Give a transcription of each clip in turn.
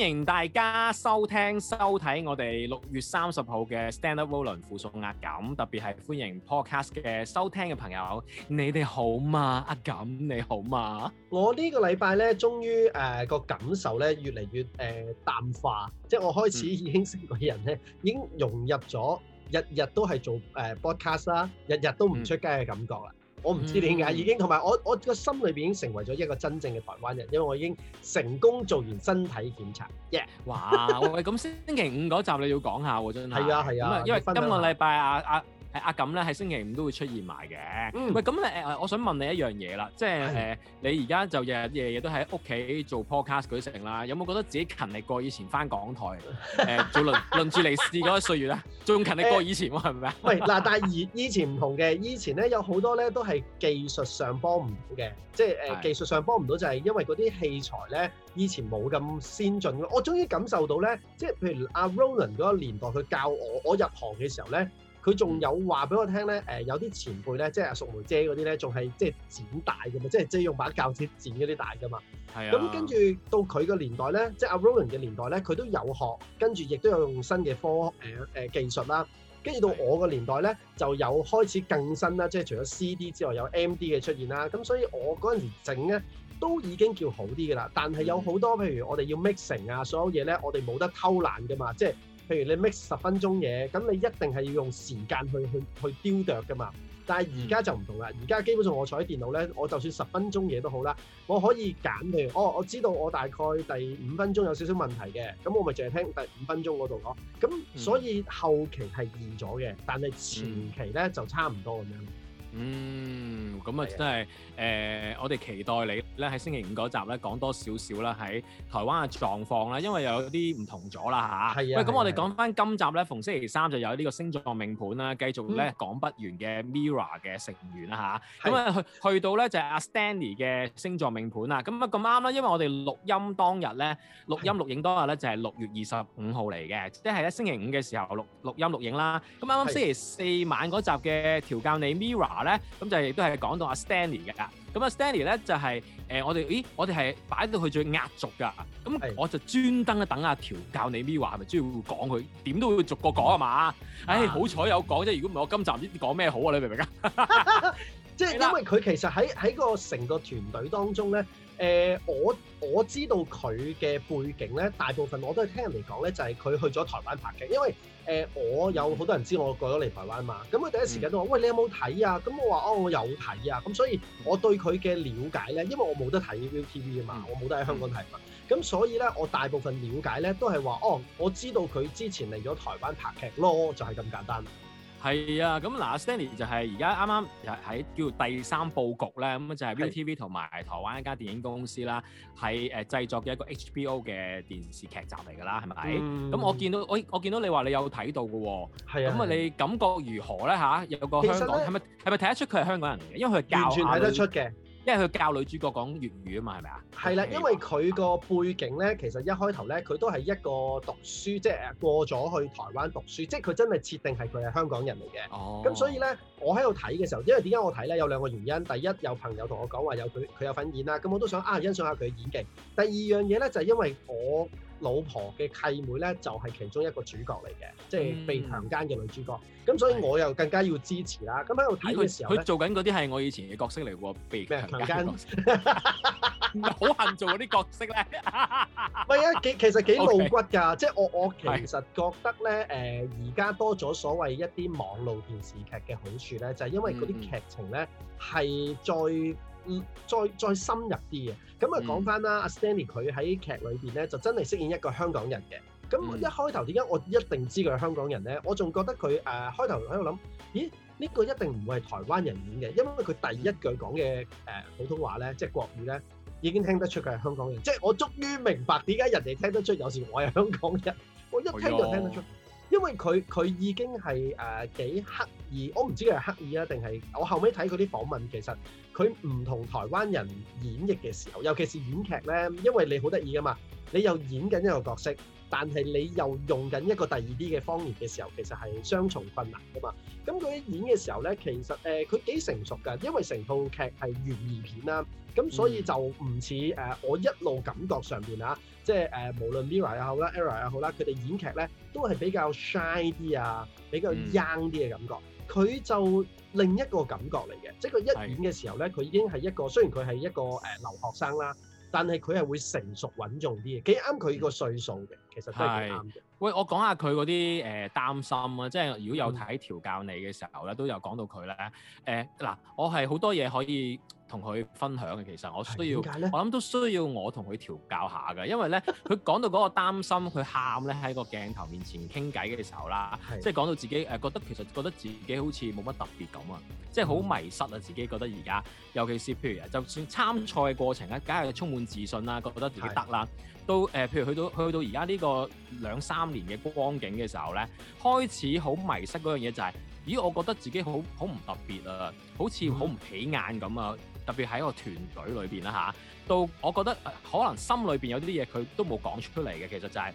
歡迎大家收聽收睇我哋六月三十號嘅 Stand Up Volun，附送阿錦，特別係歡迎 Podcast 嘅收聽嘅朋友，你哋好嘛？阿錦你好嘛？我呢個禮拜咧，終於誒個感受咧越嚟越誒淡化，即係我開始已經識個人咧，已經融入咗，日日都係做誒 Podcast 啦，日日都唔出街嘅感覺啦。我唔知點解，已經同埋我我個心裏邊已經成為咗一個真正嘅台灣人，因為我已經成功做完身體檢查。y、yeah. 哇，喂，咁星期五嗰集你要講下喎，真係。係啊係啊，因為今個禮拜啊啊。啊阿咁咧，喺星期五都會出現埋嘅。喂，咁咧，誒，我想問你一樣嘢啦，即係誒，你而家就日日夜夜都喺屋企做 podcast 嗰啲事情啦，有冇覺得自己勤力過以前翻港台誒做輪輪住嚟試嗰啲歲月咧？仲勤力過以前喎，係咪啊？喂，嗱，但係而以前唔同嘅，以前咧有好多咧都係技術上幫唔到嘅，即係誒技術上幫唔到就係因為嗰啲器材咧以前冇咁先進。我終於感受到咧，即係譬如阿 Roland 嗰個年代佢教我，我入行嘅時候咧。佢仲有話俾我聽咧，誒、呃、有啲前輩咧，即係阿淑梅姐嗰啲咧，仲係即係剪帶嘅嘛，即係即係用把鉸剪剪嗰啲帶噶嘛。係啊。咁跟住到佢個年代咧，即係阿 Roland 嘅年代咧，佢都有學，跟住亦都有用新嘅科誒誒、呃呃、技術啦。跟住到我個年代咧，就有開始更新啦，即係除咗 CD 之外，有 MD 嘅出現啦。咁、嗯、所以我嗰陣時整咧，都已經叫好啲嘅啦。但係有好多譬如我哋要 mixing 啊，所有嘢咧，我哋冇得偷懶嘅嘛，即係。譬如你 mix 十分鐘嘢，咁你一定係要用時間去去去雕琢噶嘛。但係而家就唔同啦，而家基本上我坐喺電腦咧，我就算十分鐘嘢都好啦，我可以揀譬如，哦，我知道我大概第五分鐘有少少問題嘅，咁我咪淨係聽第五分鐘嗰度咯。咁所以後期係變咗嘅，但係前期咧就差唔多咁樣。嗯，咁啊真係誒，我哋期待你咧喺星期五嗰集咧講多少少啦，喺台灣嘅狀況啦，因為又有啲唔同咗啦嚇。係啊。喂，咁我哋講翻今集咧，逢星期三就有呢個星座命盤啦，繼續咧講不完嘅 Mirror 嘅成員啦嚇。咁啊去去到咧就係阿 Stanley 嘅星座命盤啦。咁啊咁啱啦，因為我哋錄音當日咧，錄音錄影當日咧就係六月二十五號嚟嘅，即係咧星期五嘅時候錄錄音錄影啦。咁啱啱星期四晚嗰集嘅調教你 Mirror。咧咁就係都係講到阿 Stanley 嘅，咁阿 Stanley 咧就係、是、誒、呃、我哋咦我哋係擺到佢最壓軸噶，咁我就專登咧等阿調教你咪話係咪？主要講佢點都會逐個講係嘛？唉、哎，啊、好彩有講，啫。如果唔係我今集唔知講咩好啊！你明唔明啊？ 即係因為佢其實喺喺個成個團隊當中咧，誒、呃、我。我知道佢嘅背景咧，大部分我都係聽人嚟講咧，就係、是、佢去咗台灣拍劇，因為誒、呃、我有好多人知我過咗嚟台灣嘛，咁佢第一時間都話：嗯、喂，你有冇睇啊？咁我話：哦，我有睇啊！咁所以，我對佢嘅了解咧，因為我冇得睇 ViuTV 啊嘛，我冇得喺香港睇嘛，咁、嗯、所以咧，我大部分了解咧都係話：哦，我知道佢之前嚟咗台灣拍劇咯，就係、是、咁簡單。係啊，咁嗱，Stanley 就係而家啱啱喺叫做第三佈局咧，咁就係 ViuTV 同埋台灣一間電影公司啦，係誒、啊、製作嘅一個 HBO 嘅電視劇集嚟㗎啦，係咪？咁、嗯、我見到我我見到你話你有睇到㗎喎，咁啊你感覺如何咧嚇？有個香港係咪係咪睇得出佢係香港人嘅？因為佢教完全睇得出嘅。因為佢教女主角講粵語啊嘛，係咪啊？係啦，因為佢個背景咧，其實一開頭咧，佢都係一個讀書，即係過咗去台灣讀書，即係佢真係設定係佢係香港人嚟嘅。哦。咁所以咧，我喺度睇嘅時候，因為點解我睇咧？有兩個原因。第一，有朋友同我講話有佢佢有份演啦，咁我都想啊欣賞下佢嘅演技。第二樣嘢咧，就係因為我老婆嘅契妹咧，就係其中一個主角嚟嘅，即係被強奸嘅女主角。咁所以我又更加要支持啦。咁喺度睇佢時候，佢做緊嗰啲係我以前嘅角色嚟喎，被強奸，好恨做嗰啲角色咧。唔係啊，幾其實幾露骨㗎。Okay. 即係我我其實覺得咧，誒而家多咗所謂一啲網路電視劇嘅好處咧，就係因為嗰啲劇情咧係在。嗯，再再深入啲嘅，咁啊講翻啦，阿、嗯、Stanley 佢喺劇裏邊咧就真係飾演一個香港人嘅。咁一開頭點解我一定知佢係香港人咧？我仲覺得佢誒、呃、開頭喺度諗，咦呢個一定唔會係台灣人演嘅，因為佢第一句講嘅誒普通話咧，即係國語咧，已經聽得出佢係香港人。即係我終於明白點解人哋聽得出，有時我係香港人，我一聽就聽得出，呀因為佢佢已經係誒幾黑。而我唔知佢係刻意啊，定係我後尾睇佢啲訪問，其實佢唔同台灣人演繹嘅時候，尤其是演劇咧，因為你好得意噶嘛，你又演緊一個角色，但係你又用緊一個第二啲嘅方言嘅時候，其實係雙重困難噶嘛。咁佢演嘅時候咧，其實誒佢幾成熟㗎，因為成套劇係懸疑片啦，咁所以就唔似誒我一路感覺上邊啊，嗯、即係誒、呃、無論 Mirror 又好啦，Error 又好啦，佢哋演劇咧都係比較 shy 啲啊，比較 young 啲嘅感覺。嗯嗯。佢就另一個感覺嚟嘅，即係佢一演嘅時候咧，佢已經係一個雖然佢係一個誒留學生啦，但係佢係會成熟穩重啲嘅，幾啱佢個歲數嘅，其實真係幾啱嘅。喂，我講下佢嗰啲誒擔心啊。即係如果有睇調教你嘅時候咧，嗯、都有講到佢咧。誒、呃、嗱，我係好多嘢可以同佢分享嘅，其實我需要，我諗都需要我同佢調教下㗎，因為咧，佢講到嗰個擔心，佢喊咧喺個鏡頭面前傾偈嘅時候啦，是即係講到自己誒、呃、覺得其實覺得自己好似冇乜特別咁啊，即係好迷失啊、嗯、自己覺得而家，尤其是譬如就算參賽嘅過程啊，梗係充滿自信啦、啊，覺得自己得啦、啊，是到誒、呃、譬如去到去到而家呢個兩三年嘅光景嘅時候咧，開始好迷失嗰樣嘢就係、是，咦我覺得自己好好唔特別啊，好似好唔起眼咁啊、嗯！嗯特別喺個團隊裏邊啦嚇，到我覺得可能心裏邊有啲嘢佢都冇講出嚟嘅，其實就係、是，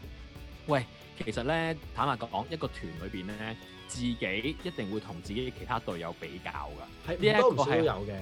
喂，其實咧，坦白講，一個團裏邊咧，自己一定會同自己其他隊友比較噶。呢是好多都有嘅，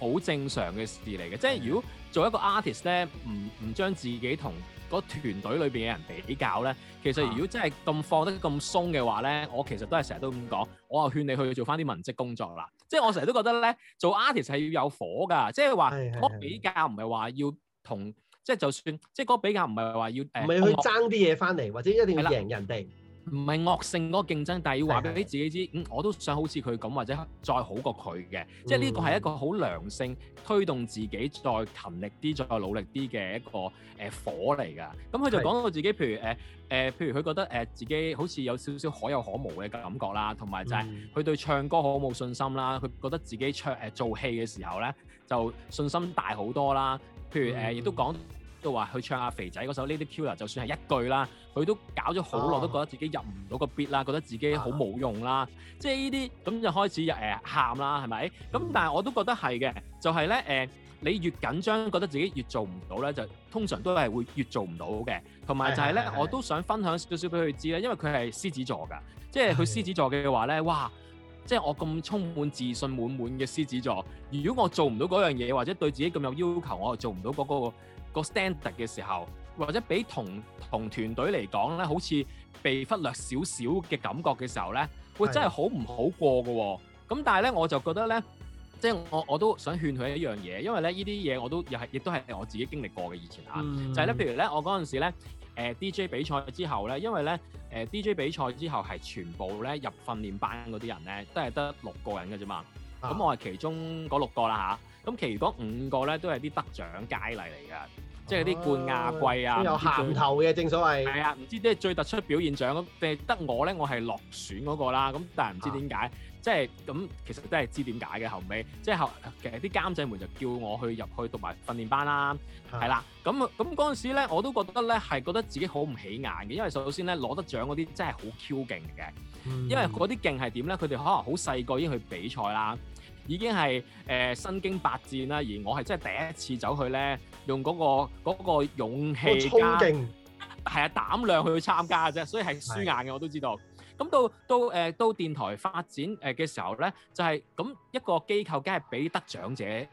好正常嘅事嚟嘅。的即係如果做一個 artist 咧，唔唔將自己同嗰團隊裏邊嘅人比較咧，其實如果真係咁放得咁鬆嘅話咧，我其實都係成日都咁講，我啊勸你去做翻啲文職工作啦。即係我成日都覺得咧，做 artist 係要有火噶即係話個比較唔係話要同，即係是就算，即係個比較唔係話要誒、呃、去爭啲嘢翻嚟，或者一定要贏的人哋。唔係惡性嗰個競爭，但係要話俾自己知是是、嗯，我都想好似佢咁，或者再好過佢嘅，嗯、即係呢個係一個好良性推動自己再勤力啲、再努力啲嘅一個誒、呃、火嚟㗎。咁佢就講到自己，是的 譬如誒誒、呃，譬如佢覺得誒、呃、自己好似有少少可有可無嘅感覺啦，同埋就係佢對唱歌好冇信心啦，佢覺得自己唱誒、呃、做戲嘅時候咧就信心大好多啦。譬如誒，亦、呃嗯、都講。都話去唱阿、啊、肥仔嗰首《Ladykiller》就算係一句啦，佢都搞咗好耐，啊、都覺得自己入唔到個 beat 啦，覺得自己好冇用啦。啊、即係呢啲咁就開始誒喊啦，係咪？咁、嗯、但係我都覺得係嘅，就係咧誒，你越緊張，覺得自己越做唔到咧，就通常都係會越做唔到嘅。同埋就係咧，是是是我都想分享少少俾佢知咧，因為佢係獅子座㗎，即係佢獅子座嘅話咧，是的 哇！即係我咁充滿自信滿滿嘅獅子座，如果我做唔到嗰樣嘢，或者對自己咁有要求，我又做唔到嗰、嗰個。個 Stanly 嘅時候，或者比同同團隊嚟講咧，好似被忽略少少嘅感覺嘅時候咧，會真係好唔好過㗎喎。咁的但係咧，我就覺得咧，即係我我都想勸佢一樣嘢，因為咧呢啲嘢我都又係亦都係我自己經歷過嘅以前嚇，嗯、就係咧，譬如咧我嗰陣時咧，誒、呃、DJ 比賽之後咧，因為咧誒、呃、DJ 比賽之後係全部咧入訓練班嗰啲人咧，都係得六個人㗎啫嘛。咁、啊、我係其中嗰六個啦嚇。咁其餘五個咧都係啲得獎佳麗嚟嘅，即係啲冠亞季啊，哦、有銜頭嘅，正所謂。係啊，唔知即係最突出表現獎，定係得我咧？我係落選嗰個啦。咁但係唔知點解、啊，即係咁其實都係知點解嘅後尾，即係後其實啲監製們就叫我去入去讀埋訓練班啦，係啦、啊。咁咁嗰陣時咧，我都覺得咧係覺得自己好唔起眼嘅，因為首先咧攞得獎嗰啲真係好 Q 勁嘅，嗯、因為嗰啲勁係點咧？佢哋可能好細個已經去比賽啦。已經係誒身經百戰啦，而我係真係第一次走去咧，用嗰個嗰個勇氣加係啊膽量去參加嘅啫，所以係輸硬嘅我都知道。咁到到誒到電台發展誒嘅時候咧，就係咁一個機構梗係俾得獎者誒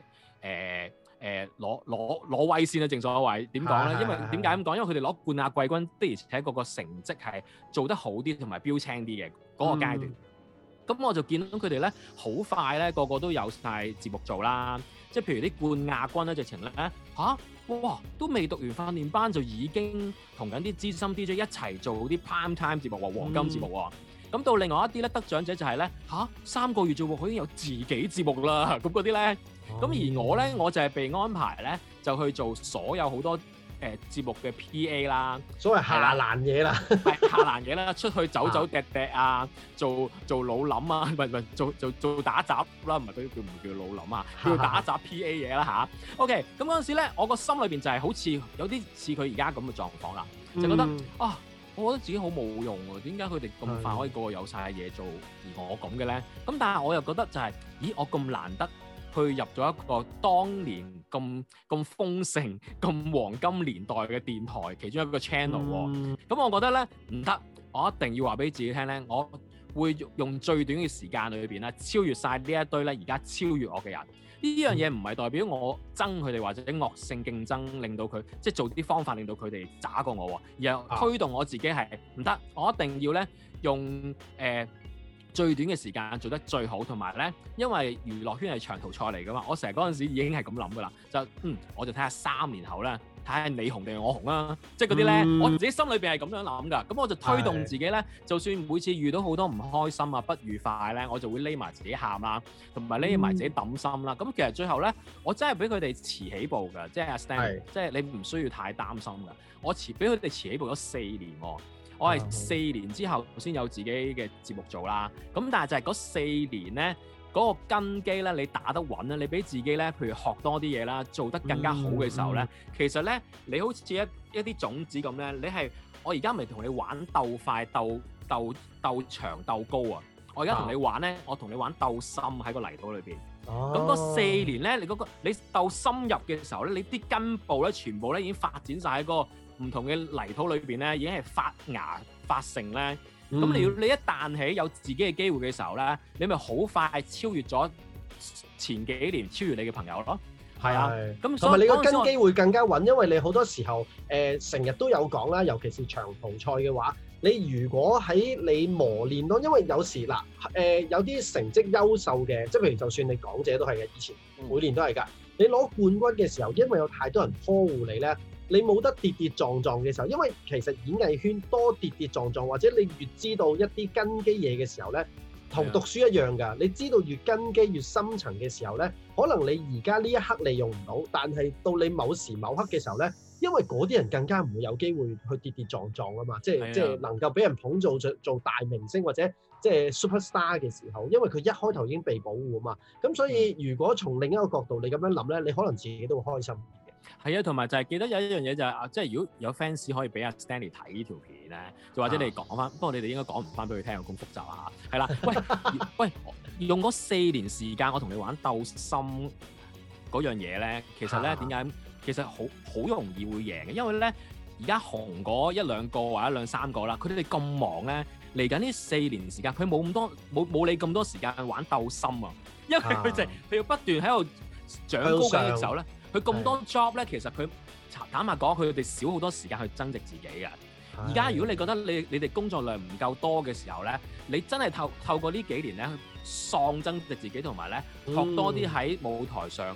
誒攞攞攞位先啦，正所謂點講咧？因為點解咁講？因為佢哋攞冠亞季軍的而且確個成績係做得好啲同埋標青啲嘅嗰個階段。咁我就見到佢哋咧，好快咧，個個都有晒節目做啦。即係譬如啲冠亞軍咧，直情咧吓，哇，都未讀完訓練班就已經同緊啲資深 DJ 一齊做啲 Prime Time 節目喎，黃金節目喎。咁、嗯、到另外一啲咧得獎者就係咧吓，三個月做喎，已經有自己節目啦。咁嗰啲咧，咁、嗯、而我咧，我就係被安排咧，就去做所有好多。誒節目嘅 PA 啦，所謂下欄嘢啦，係下欄嘢啦，出去走走趯趯啊，做做老諗啊，唔係唔係做做做打雜啦，唔係嗰啲叫唔叫老諗啊，叫打雜 PA 嘢啦嚇。OK，咁嗰陣時咧，我個心裏邊就係好似有啲似佢而家咁嘅狀況啦，就覺得啊，我覺得自己好冇用喎，點解佢哋咁快可以個個有曬嘢做，而我咁嘅咧？咁但係我又覺得就係，咦，我咁難得。佢入咗一個當年咁咁豐盛、咁黃金年代嘅電台，其中一個 channel 喎。咁、嗯哦、我覺得咧唔得，我一定要話俾自己聽咧，我會用最短嘅時間裏邊咧超越晒呢一堆咧而家超越我嘅人。呢樣嘢唔係代表我憎佢哋或者惡性競爭令到佢，即係做啲方法令到佢哋渣過我，而係推動我自己係唔得，我一定要咧用誒。呃最短嘅時間做得最好，同埋咧，因為娛樂圈係長途賽嚟㗎嘛，我成日嗰陣時已經係咁諗㗎啦，就嗯，我就睇下三年後咧，睇下你紅定係我紅啊，即係嗰啲咧，嗯、我自己心裏邊係咁樣諗㗎，咁我就推動自己咧，是就算每次遇到好多唔開心啊、不愉快咧、啊，我就會匿埋自己喊啦、啊，同埋匿埋自己揼心啦、啊，咁、嗯、其實最後咧，我真係俾佢哋遲起步㗎，即係 s t a n 即係你唔需要太擔心㗎，我遲，俾佢哋遲起步咗四年喎、啊。我係四年之後先有自己嘅節目做啦，咁但係就係嗰四年咧，嗰、嗰個根基咧，你打得穩咧，你俾自己咧，譬如學多啲嘢啦，做得更加好嘅時候咧，嗯嗯、其實咧，你好似一一啲種子咁咧，你係我而家咪同你玩鬥快鬥鬥鬥，鬥長鬥高啊！我而家同你玩咧，啊、我同你玩鬥深喺個泥土裏邊。哦。咁嗰四年咧，你嗰、嗰個、你鬥深入嘅時候咧，你啲根部咧，全部咧已經發展晒喺個。唔同嘅泥土裏邊咧，已經係發芽發成咧。咁你要你一彈起有自己嘅機會嘅時候咧，你咪好快超越咗前幾年超越你嘅朋友咯。係啊，同埋、嗯、你個根基會更加穩，因為你好多時候誒成日都有講啦，尤其是長途賽嘅話，你如果喺你磨練多，因為有時嗱誒、呃、有啲成績優秀嘅，即係譬如就算你港者港姐都係嘅，以前每年都係㗎。你攞冠軍嘅時候，因為有太多人呵護你咧。你冇得跌跌撞撞嘅時候，因為其實演藝圈多跌跌撞撞，或者你越知道一啲根基嘢嘅時候呢，同讀書一樣㗎。你知道越根基越深層嘅時候呢，可能你而家呢一刻利用唔到，但係到你某時某刻嘅時候呢，因為嗰啲人更加唔會有機會去跌跌撞撞啊嘛，即係是的 即係能夠俾人捧做做大明星或者即係 super star 嘅時候，因為佢一開頭已經被保護啊嘛。咁所以如果從另一個角度你咁樣諗呢，你可能自己都會開心。係啊，同埋就係記得有一樣嘢就係、是、啊，即係如果有 fans 可以俾阿 Stanley 睇呢條片咧，就或者你講翻，啊、不過你哋應該講唔翻俾佢聽，咁複雜啊，係啦，喂 喂，用嗰四年時間我同你玩鬥心嗰樣嘢咧，其實咧點解其實好好容易會贏嘅，因為咧而家紅嗰一兩個或者兩三個啦，佢哋咁忙咧，嚟緊呢四年時間佢冇咁多冇冇你咁多時間去玩鬥心啊，因為佢就佢、是、要、啊、不斷喺度長高嘅時候咧。佢咁多 job 咧，其實佢坦白講，佢哋少好多時間去增值自己嘅。而家如果你覺得你你哋工作量唔夠多嘅時候咧，你真係透透過呢幾年咧，喪增值自己同埋咧，學多啲喺舞台上，誒、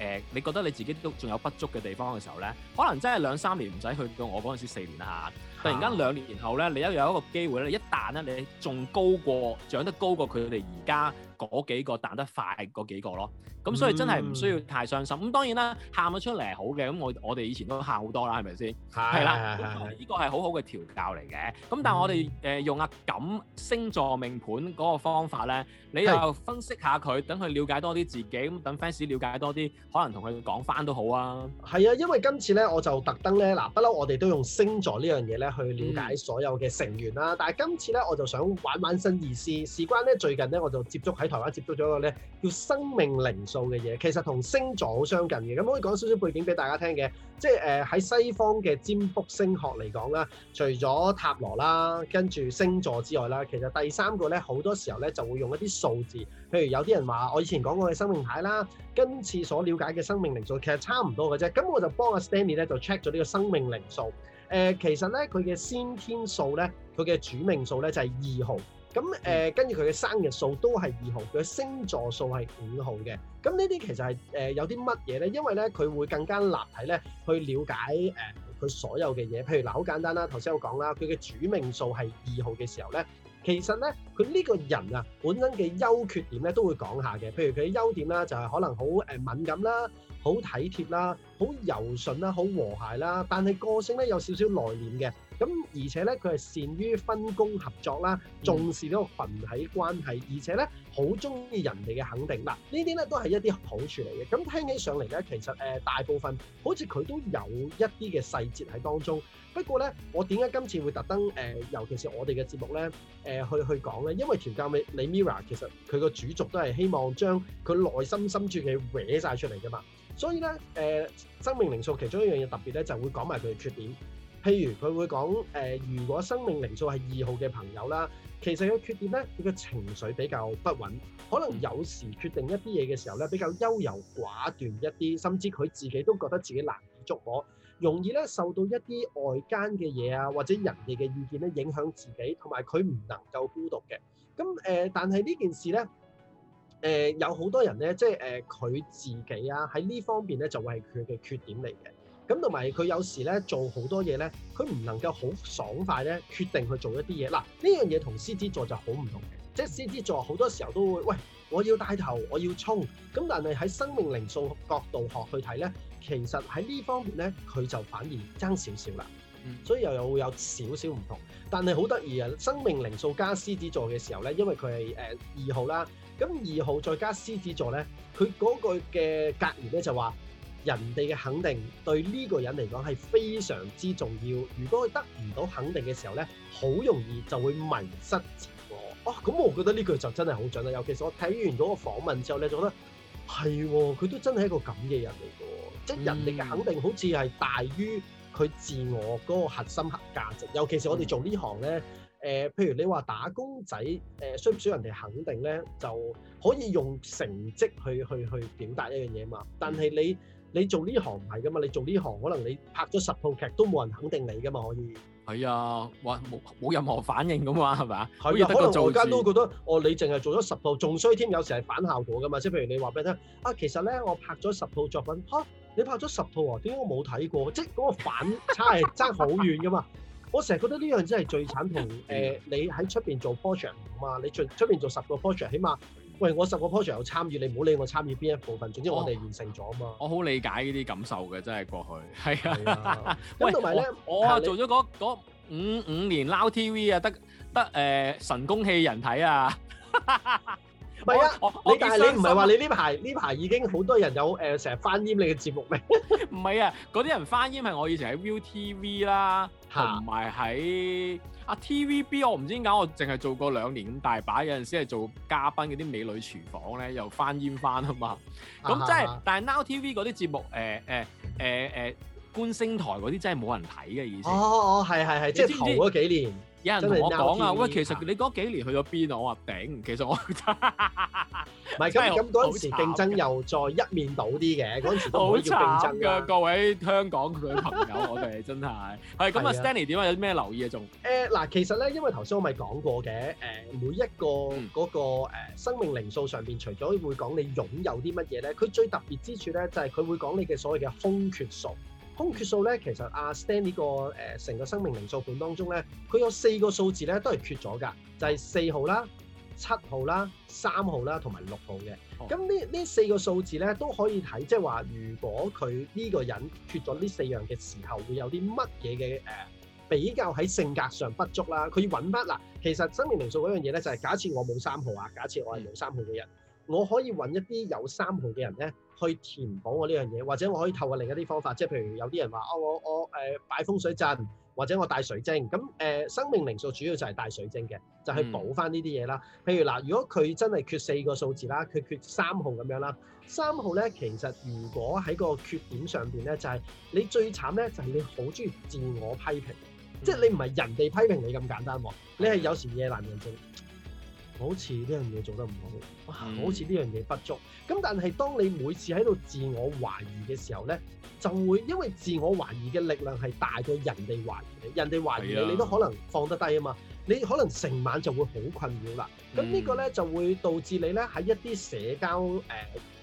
呃，你覺得你自己都仲有不足嘅地方嘅時候咧，可能真係兩三年唔使去到我嗰陣時四年喇下，突然間兩年然後咧，你有一個機會呢，一旦你一但咧，你仲高過長得高過佢哋而家。嗰幾個彈得快嗰幾個咯，咁所以真係唔需要太傷心。咁、嗯、當然啦，喊咗出嚟好嘅，咁我我哋以前都喊、啊啊啊啊、好多啦，係咪先？係啦，呢個係好好嘅調教嚟嘅。咁但係我哋誒用阿錦星座命盤嗰個方法咧，你又分析下佢，等佢了解多啲自己，咁等 fans 了解多啲，可能同佢講翻都好啊。係啊，因為今次咧我就特登咧嗱，不嬲我哋都用星座呢樣嘢咧去了解所有嘅成員啦。嗯、但係今次咧我就想玩玩新意思，事關咧最近咧我就接觸喺。台灣接觸咗一個咧叫生命靈數嘅嘢，其實同星座好相近嘅。咁可以講少少背景俾大家聽嘅，即係誒喺西方嘅占卜星學嚟講啦，除咗塔羅啦，跟住星座之外啦，其實第三個咧好多時候咧就會用一啲數字。譬如有啲人話我以前講過嘅生命牌啦，今次所了解嘅生命靈數其實差唔多嘅啫。咁我就幫阿、啊、Stanley 咧就 check 咗呢個生命靈數。誒、呃，其實咧佢嘅先天數咧，佢嘅主命數咧就係、是、二號。咁誒，嗯、跟住佢嘅生日數都係二號，佢嘅星座數係五號嘅。咁呢啲其實係誒有啲乜嘢咧？因為咧佢會更加立體咧，去了解誒佢所有嘅嘢。譬如嗱，好簡單啦，頭先我講啦，佢嘅主命數係二號嘅時候咧，其實咧佢呢個人啊本身嘅優缺點咧都會講下嘅。譬如佢嘅優點啦，就係可能好誒敏感啦，好體貼啦，好柔順啦，好和諧啦。但係個性咧有少少內斂嘅。咁而且咧，佢係善於分工合作啦，重視呢個群體關係，而且咧好鍾意人哋嘅肯定嗱，呢啲咧都係一啲好處嚟嘅。咁聽起上嚟咧，其實誒大部分好似佢都有一啲嘅細節喺當中。不過咧，我點解今次會特登誒，尤其是我哋嘅節目咧，誒去去講咧，因為調教你你 Mirror 其實佢個主軸都係希望將佢內心深處嘅歪晒出嚟噶嘛，所以咧誒、呃、生命靈數其中一樣嘢特別咧，就是、會講埋佢嘅缺點。譬如佢會講誒、呃，如果生命靈數係二號嘅朋友啦，其實佢缺點咧，佢嘅情緒比較不穩，可能有時決定一啲嘢嘅時候咧，比較優柔寡斷一啲，甚至佢自己都覺得自己難以捉摸，容易咧受到一啲外間嘅嘢啊，或者人哋嘅意見咧影響自己，同埋佢唔能夠孤獨嘅。咁誒、呃，但係呢件事咧，誒、呃、有好多人咧，即係誒佢自己啊喺呢方面咧，就會係佢嘅缺點嚟嘅。咁同埋佢有時咧做好多嘢咧，佢唔能夠好爽快咧決定去做一啲嘢。嗱，呢樣嘢同獅子座就好唔同嘅，即係獅子座好多時候都會喂，我要帶頭，我要衝。咁但係喺生命靈數角度學去睇咧，其實喺呢方面咧佢就反而爭少少啦。所以又，又會有少少唔同。但係好得意啊，生命靈數加獅子座嘅時候咧，因為佢係誒二號啦。咁二號再加獅子座咧，佢嗰句嘅格言咧就話。人哋嘅肯定對呢個人嚟講係非常之重要。如果佢得唔到肯定嘅時候呢，好容易就會迷失自我。啊，咁我覺得呢句就真係好準啦。尤其是我睇完嗰個訪問之後咧，你就覺得係喎，佢、哦、都真係一個咁嘅人嚟嘅。嗯、即係人哋嘅肯定好似係大於佢自我嗰個核心價值。尤其是我哋做呢行呢、呃，譬如你話打工仔誒、呃，需唔需要人哋肯定呢？就可以用成績去去去表達一樣嘢嘛。但係你。你做呢行唔係噶嘛？你做呢行可能你拍咗十套劇都冇人肯定你噶嘛？可以係啊，或冇冇任何反應噶嘛，係咪啊？可能外間都覺得哦，你淨係做咗十套，仲衰添。有時係反效果噶嘛？即係譬如你話俾佢聽啊，其實咧我拍咗十套作品，嚇、啊、你拍咗十套喎，點解我冇睇過？即係嗰個反差係爭好遠噶嘛？ 我成日覺得呢樣真係最慘，同誒、呃、你喺出邊做 project 嘛？你出出邊做十個 project，起碼。喂，我十個 project 有參與，你唔好理我參與邊一部分，總之我哋完成咗啊嘛。我好理解呢啲感受嘅，真係過去。係啊，咁同埋咧，我做咗嗰五五年撈 TV 啊，你 5, 5 TV，得得誒、呃、神功戲人睇啊。唔 我啊，你唔係話你呢排呢排已經好多人有誒成日翻唸你嘅節目咩？唔 係啊，嗰啲人翻唸係我以前喺 ViuTV 啦， 嚇，同埋喺。啊 TVB 我唔知點解我淨係做過兩年，咁大把，有陣時係做嘉賓，嗰啲美女廚房咧，又翻煙翻啊嘛，咁、嗯啊、即係但係 now TV 嗰啲節目誒誒誒誒觀星台嗰啲真係冇人睇嘅意思。哦哦係係係，即係頭嗰幾年。有人同我講啊，喂，其實你嗰幾年去咗邊啊？我話頂，其實我唔得。唔係咁咁嗰陣時競爭又再一面倒啲嘅，嗰陣時都好要競爭嘅。各位香港佢朋友，我哋真係係咁啊，Stanley，點解有啲咩留意啊？仲誒嗱，其實咧，因為頭先我咪講過嘅，誒每一個嗰個誒生命零數上邊，除咗會講你擁有啲乜嘢咧，佢最特別之處咧，就係佢會講你嘅所謂嘅空缺數。空缺數咧，其實阿、啊、Stan 呢、這個誒成、呃、個生命靈數盤當中咧，佢有四個數字咧都係缺咗㗎，就係、是、四號啦、七號啦、三號啦同埋六號嘅。咁呢呢四個數字咧都可以睇，即係話如果佢呢個人缺咗呢四樣嘅時候，會有啲乜嘢嘅誒比較喺性格上不足啦。佢要揾返。嗱，其實生命靈數嗰樣嘢咧，就係、是、假設我冇三號啊，假設我係冇三號嘅人。嗯嗯。我可以揾一啲有三號嘅人咧，去填補我呢樣嘢，或者我可以透過另一啲方法，即係譬如有啲人話哦，我我誒、呃、擺風水陣，或者我戴水晶，咁誒、呃、生命靈數主要就係戴水晶嘅，就去、是、補翻呢啲嘢啦。譬如嗱，如果佢真係缺四個數字啦，佢缺三號咁樣啦，三號咧其實如果喺個缺點上邊咧，就係、是、你最慘咧，就係、是、你好中意自我批評，即係、嗯、你唔係人哋批評你咁簡單喎，你係有時夜闌人靜。好似呢樣嘢做得唔好，哇！好似呢樣嘢不足，咁但係當你每次喺度自我懷疑嘅時候呢，就會因為自我懷疑嘅力量係大過人哋懷疑你，人哋懷疑你，你都可能放得低啊嘛，你可能成晚就會好困擾啦。咁呢個呢，就會導致你呢喺一啲社交誒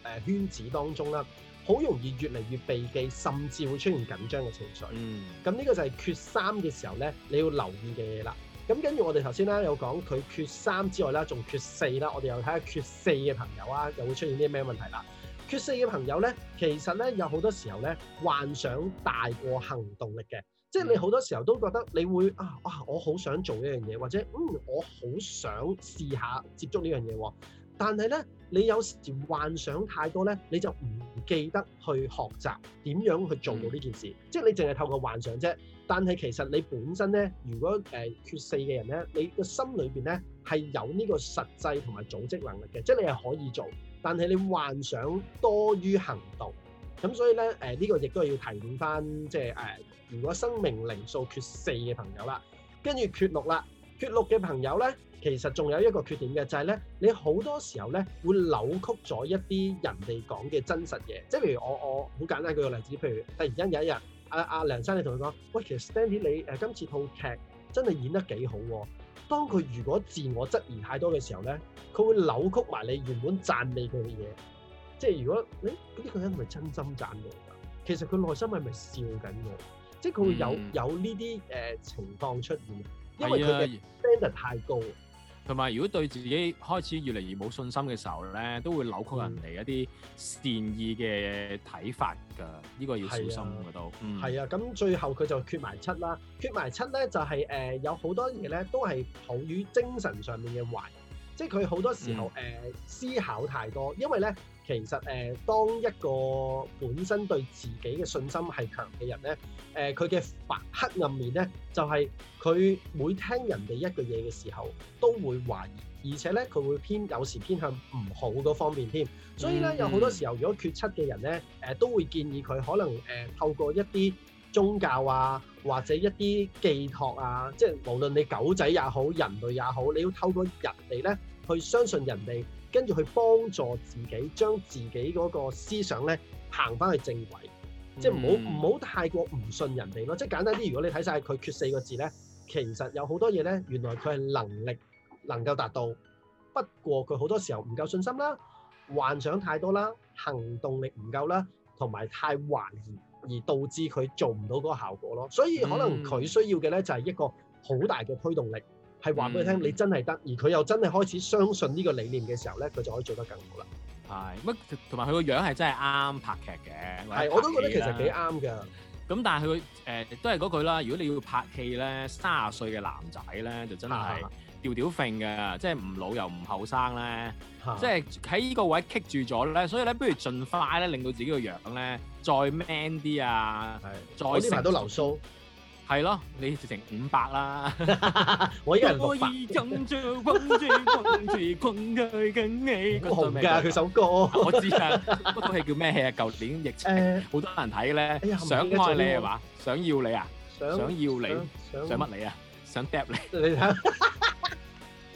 誒圈子當中啦，好容易越嚟越避忌，甚至會出現緊張嘅情緒。嗯，咁呢個就係缺三嘅時候呢，你要留意嘅嘢啦。咁跟住我哋頭先啦，有講佢缺三之外啦，仲缺四啦，我哋又睇下缺四嘅朋友啊，又會出現啲咩問題啦？缺四嘅朋友咧，其實咧有好多時候咧，幻想大過行動力嘅，即係你好多時候都覺得你會啊啊，我好想做一樣嘢，或者嗯，我好想試下接觸呢樣嘢喎，但係咧。你有時幻想太多咧，你就唔記得去學習點樣去做到呢件事，嗯、即係你淨係透過幻想啫。但係其實你本身咧，如果誒、呃、缺四嘅人咧，你個心裏邊咧係有呢個實際同埋組織能力嘅，即係你係可以做。但係你幻想多於行動，咁所以咧誒呢、呃呢個亦都係要提醒翻，即係誒、呃、如果生命零數缺四嘅朋友啦，跟住缺六啦，缺六嘅朋友咧。其實仲有一個缺點嘅，就係、是、咧，你好多時候咧會扭曲咗一啲人哋講嘅真實嘢。即係譬如我我好簡單舉個例子，譬如突然間有一日，阿、啊、阿、啊、梁生你同佢講，喂，其實 Stanley 你誒、啊、今次套劇真係演得幾好、啊。當佢如果自我質疑太多嘅時候咧，佢會扭曲埋你原本讚美佢嘅嘢。即係如果誒啲、欸呢個人係咪真心讚我，其實佢內心係咪笑緊我？即係佢會有、嗯、有呢啲誒情況出現，因為佢嘅 standard 太高。嗯嗯。同埋，如果對自己開始越嚟越冇信心嘅時候咧，都會扭曲人哋一啲善意嘅睇法㗎，呢、嗯、個要小心啊都。係、嗯、啊，咁最後佢就缺埋七啦，缺埋七咧就係、是、誒、呃、有好多嘢咧都係浮於精神上面嘅壞，即係佢好多時候誒、嗯呃、思考太多，因為咧。其實誒、呃，當一個本身對自己嘅信心係強嘅人咧，誒佢嘅白黑暗面咧，就係、是、佢每聽人哋一句嘢嘅時候，都會懷疑，而且咧佢會偏有時偏向唔好嘅方面添。所以咧，有好多時候，如果決策嘅人咧，誒、呃、都會建議佢可能誒、呃、透過一啲宗教啊，或者一啲寄託啊，即係無論你狗仔也好，人類也好，你要透過人哋咧去相信人哋。跟住去幫助自己，將自己嗰個思想咧行翻去正軌，即係唔好唔好太過唔信人哋咯。即係簡單啲，如果你睇晒佢缺四個字咧，其實有好多嘢咧，原來佢係能力能夠達到，不過佢好多時候唔夠信心啦，幻想太多啦，行動力唔夠啦，同埋太懷疑，而導致佢做唔到嗰個效果咯。所以可能佢需要嘅咧就係一個好大嘅推動力。係話俾佢聽，你真係得，而佢又真係開始相信呢個理念嘅時候咧，佢就可以做得更好是啦。係，乜同埋佢個樣係真係啱拍劇嘅。係，我都覺得其實幾啱㗎。咁但係佢誒都係嗰句啦，如果你要拍戲咧，卅歲嘅男仔咧就真係調調 f i 㗎，的即係唔老又唔後生咧，即係喺呢個位棘住咗咧，所以咧不如儘快咧令到自己個樣咧再 man 啲啊！的再。呢排都留須。係咯，你做成五百啦！我依個人都煩。好紅㗎，佢首歌。我知啊，嗰套戲叫咩戲啊？舊年疫情，好多人睇咧。想愛你係嘛？想要你啊？想要你？想乜你啊？想揼你？你睇。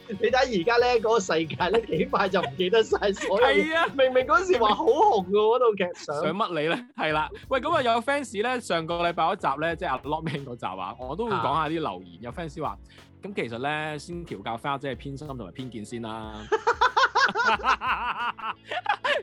你睇下而家咧，嗰個世界咧，幾快就唔記得晒。係啊！明明嗰時話好紅嘅嗰套劇，想乜你咧？係啦。喂，咁啊有 fans 咧，上個禮拜嗰集咧，即係阿 Lockman、ok、嗰集啊，我都會講下啲留言。有 fans 話：，咁其實咧，先調教花姐嘅偏心同埋偏見先啦。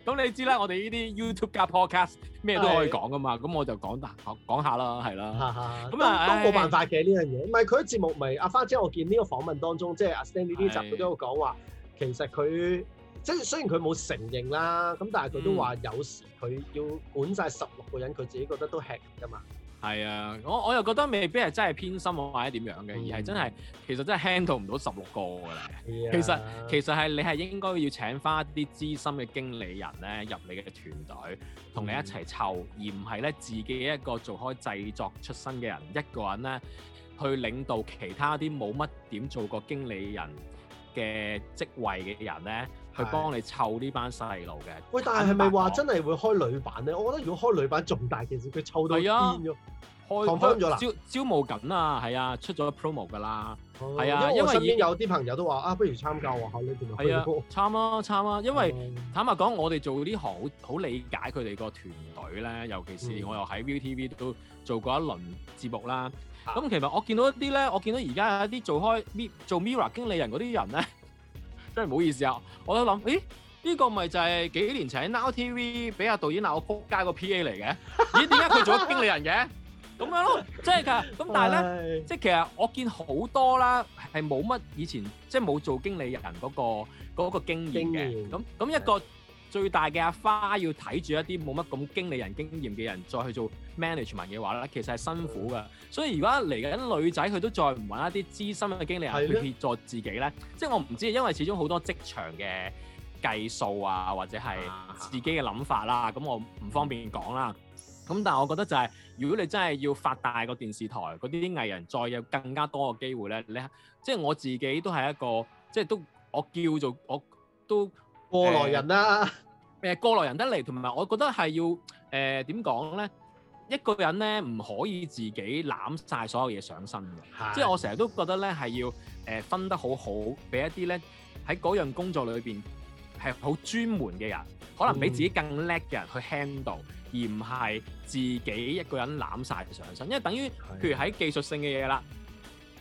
咁 你知啦，我哋呢啲 YouTube 加 Podcast 咩都可以講噶嘛，咁的我就講下講下啦，係啦，咁哈樣都冇辦法嘅呢樣嘢。唔係佢節目、就是，咪、啊、阿花姐，我見呢個訪問當中，即、就、係、是、阿 Stanly 呢啲集都有講話，的其實佢即係雖然佢冇承認啦，咁但係佢都話有時佢要管晒十六個人，佢、嗯、自己覺得都吃噶嘛。係啊，我我又覺得未必係真係偏心或者點樣嘅，嗯、而係真係其實真係 handle 到唔到十六個嘅、嗯。其實其實係你係應該要請返一啲資深嘅經理人咧入你嘅團隊，同你一齊湊，而唔係咧自己一個做開製作出身嘅人一個人咧去領導其他啲冇乜點做過經理人嘅職位嘅人咧。去幫你湊呢班細路嘅。喂，但係係咪話真係會開女版咧？我覺得如果開女版仲大件事，佢湊到癲咗。啊、開擴咗啦，招招募緊啊，係啊，出咗 promo 噶啦，係、哦、啊，因為身邊有啲朋友都話為啊，不如參加喎，喺裏邊。係啊，參啦參啦，因為、嗯、坦白講，我哋做呢行好好理解佢哋個團隊咧，尤其是我又喺 ViuTV 都做過一輪節目啦。咁、嗯、其實我見到一啲咧，我見到而家有啲做開 Mi 做 Mirror 經理人嗰啲人咧。 真係唔好意思啊！我都諗，誒呢個咪就係幾年前喺 Now TV 俾阿導演鬧我撲街個 PA 嚟嘅，咦點解佢做咗經理人嘅？咁樣咯，即係其實咁，但係咧，即係其實我見好多啦，係冇乜以前即係冇做經理人嗰個嗰個經驗嘅，咁咁一個。最大嘅阿花要睇住一啲冇乜咁經理人經驗嘅人再去做 management 嘅話，咧，其實係辛苦嘅。所以如果嚟緊女仔佢都再唔揾一啲資深嘅經理人去協的助自己咧，即係我唔知，因為始終好多職場嘅計數啊，或者係自己嘅諗法啦，咁我唔方便講啦。咁但係我覺得就係、是、如果你真係要發大個電視台，嗰啲藝人再有更加多嘅機會咧，你即係我自己都係一個即係都我叫做我都。過來人啦、啊，誒過來人得嚟，同埋我覺得係要誒點講咧，一個人咧唔可以自己攬晒所有嘢上身嘅，即係的我成日都覺得咧係要誒分得好好，俾一啲咧喺嗰樣工作裏邊係好專門嘅人，可能比自己更叻嘅人去 handle，嗯、而唔係自己一個人攬曬上身，因為等於譬如喺技術性嘅嘢啦。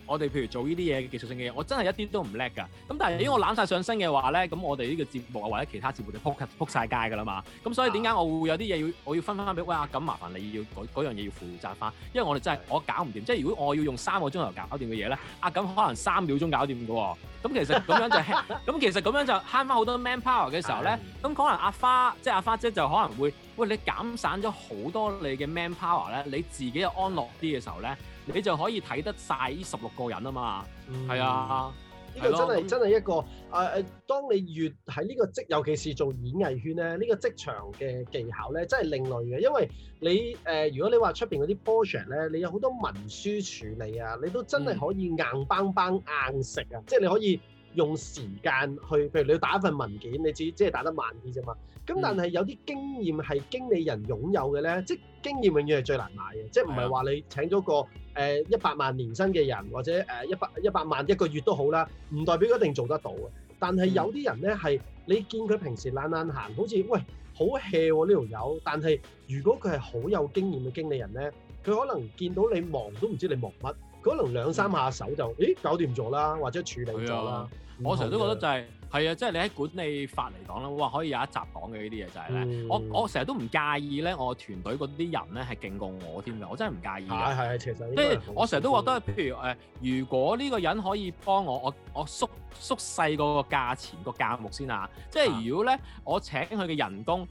我哋譬如做呢啲嘢，嘅技術性嘅嘢，我真係一啲都唔叻噶。咁但係如果我攬晒上身嘅話咧，咁我哋呢個節目啊或者其他節目就扑係扑晒街噶啦嘛。咁所以點解我會有啲嘢要，我要分翻俾喂阿錦，咁麻煩你要嗰嗰樣嘢要負責翻，因為我哋真係我搞唔掂。即係如果我要用三個鐘頭搞掂嘅嘢咧，阿錦可能三秒鐘搞掂嘅喎。咁其實咁樣就咁 其實咁樣就慳翻好多 man power 嘅時候咧，咁 可能阿花即係阿花姐就可能會喂你減散咗好多你嘅 man power 咧，你自己又安樂啲嘅時候咧，你就可以睇得晒呢十六。個人啊嘛，係、嗯、啊，呢個真係、啊、真係一個誒誒、呃，當你越喺呢個職，尤其是做演藝圈咧，呢、這個職場嘅技巧咧，真係另類嘅。因為你誒、呃，如果你話出邊嗰啲 project 咧，你有好多文書處理啊，你都真係可以硬邦邦硬食啊，嗯、即係你可以用時間去，譬如你要打一份文件，你只即係打得慢啲啫嘛。咁但係有啲經驗係經理人擁有嘅咧，即、嗯嗯經驗永遠係最難買嘅，即係唔係話你請咗個誒一百萬年薪嘅人，或者誒一百一百萬一個月都好啦，唔代表一定做得到嘅。但係有啲人咧，係你見佢平時懶懶行，好似喂好 hea 喎呢條友。但係如果佢係好有經驗嘅經理人咧，佢可能見到你忙都唔知你忙乜，佢可能兩三下手就，誒搞掂咗啦，或者處理咗啦。的我成日都覺得就係、是。係啊，即係你喺管理法嚟講咧，哇可以有一集講嘅、就係、呢啲嘢就係咧，我我成日都唔介意咧，我團隊嗰啲人咧係勁過我添嘅，我真係唔介意嘅。係係、啊、其實即係我成日都覺得，譬如誒、呃，如果呢個人可以幫我，我我縮縮細個個價錢個價目先啊！即係如果咧，啊、我請佢嘅人工，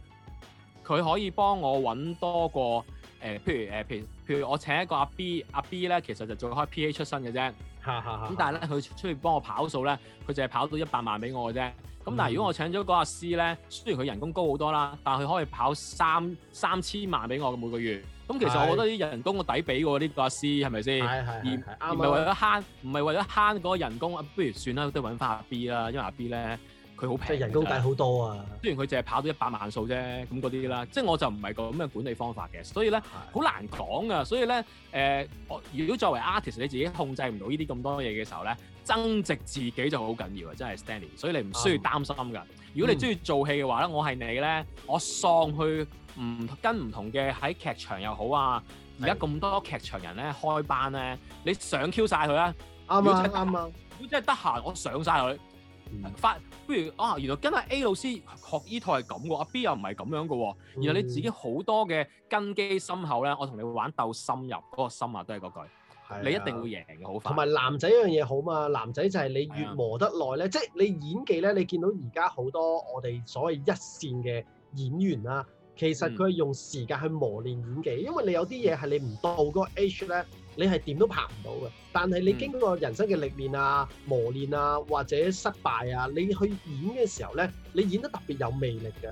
佢可以幫我揾多個誒、呃，譬如誒、呃，譬如譬如我請一個阿 B，阿 B 咧其實就做開 P. A. 出身嘅啫。嚇，咁但係咧，佢出去幫我跑數咧，佢淨係跑到一百萬俾我嘅啫。咁但係如果我請咗嗰阿 C 咧，雖然佢人工高好多啦，但係佢可以跑三三千萬俾我嘅每個月。咁其實我覺得啲人工我抵俾喎，呢個阿 C 係咪先？而唔係為咗慳，唔係為咗慳嗰人工啊，不如算啦，都揾翻阿 B 啦，因為阿 B 咧。佢好平，即係人工低好多啊！雖然佢淨係跑到一百萬數啫，咁嗰啲啦，即係我就唔係咁嘅管理方法嘅，所以咧好的難講㗎！所以咧誒，我、呃、如果作為 artist 你自己控制唔到呢啲咁多嘢嘅時候咧，增值自己就好緊要啊！真係，Stanley，所以你唔需要擔心㗎。嗯、如果你中意做戲嘅話咧，我係你咧，嗯、我喪去唔跟唔同嘅喺劇場又好啊，而家咁多劇場人咧開班咧，你上 Q 晒佢啊！啱啊了，啱啊！如果真係得閒，我上晒佢。嗯、發不如啊，原來跟阿 A 老師學依套係咁嘅，阿 B 又唔係咁樣嘅。原來、嗯、你自己好多嘅根基深厚咧，我同你玩鬥深入嗰、嗰個心啊，都係嗰句，你一定會贏嘅。好快。同埋男仔一樣嘢好嘛，男仔就係你越磨得耐咧，即係、啊、你演技咧，你見到而家好多我哋所謂一線嘅演員啦、啊，其實佢係用時間去磨練演技，嗯、因為你有啲嘢係你唔到嗰個 h o 你係點都拍唔到嘅，但係你經過人生嘅歷練啊、嗯、磨練啊，或者失敗啊，你去演嘅時候咧，你演得特別有魅力嘅。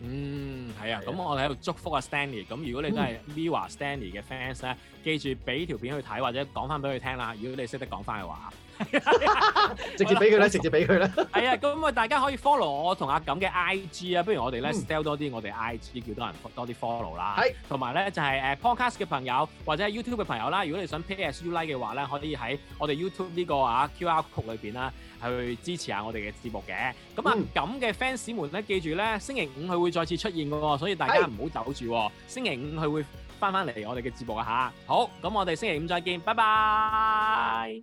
嗯，係啊，咁、啊、我哋喺度祝福阿、啊、Stanley。咁如果你都係 Mirror Stanley 嘅 fans 咧，記住俾條片去睇，或者講翻俾佢聽啦。如果你識得講翻嘅話。 直接俾佢啦，直接俾佢啦。係啊，咁啊，大家可以 follow 我同阿咁嘅 I G 啊，不如我哋咧 sell 多啲我哋 I G，叫多人多啲 follow 啦。係是。同埋咧就係、是、誒 Podcast 嘅朋友或者係 YouTube 嘅朋友啦，如果你想 pay as you like 嘅話咧，可以喺我哋 YouTube 呢個啊 Q R code 裏邊啊去支持下我哋嘅節目嘅。咁啊咁嘅 fans 們咧，記住咧星期五佢會再次出現噶，所以大家唔好走住。是星期五佢會翻翻嚟我哋嘅節目啊，吓好。咁我哋星期五再見，拜拜。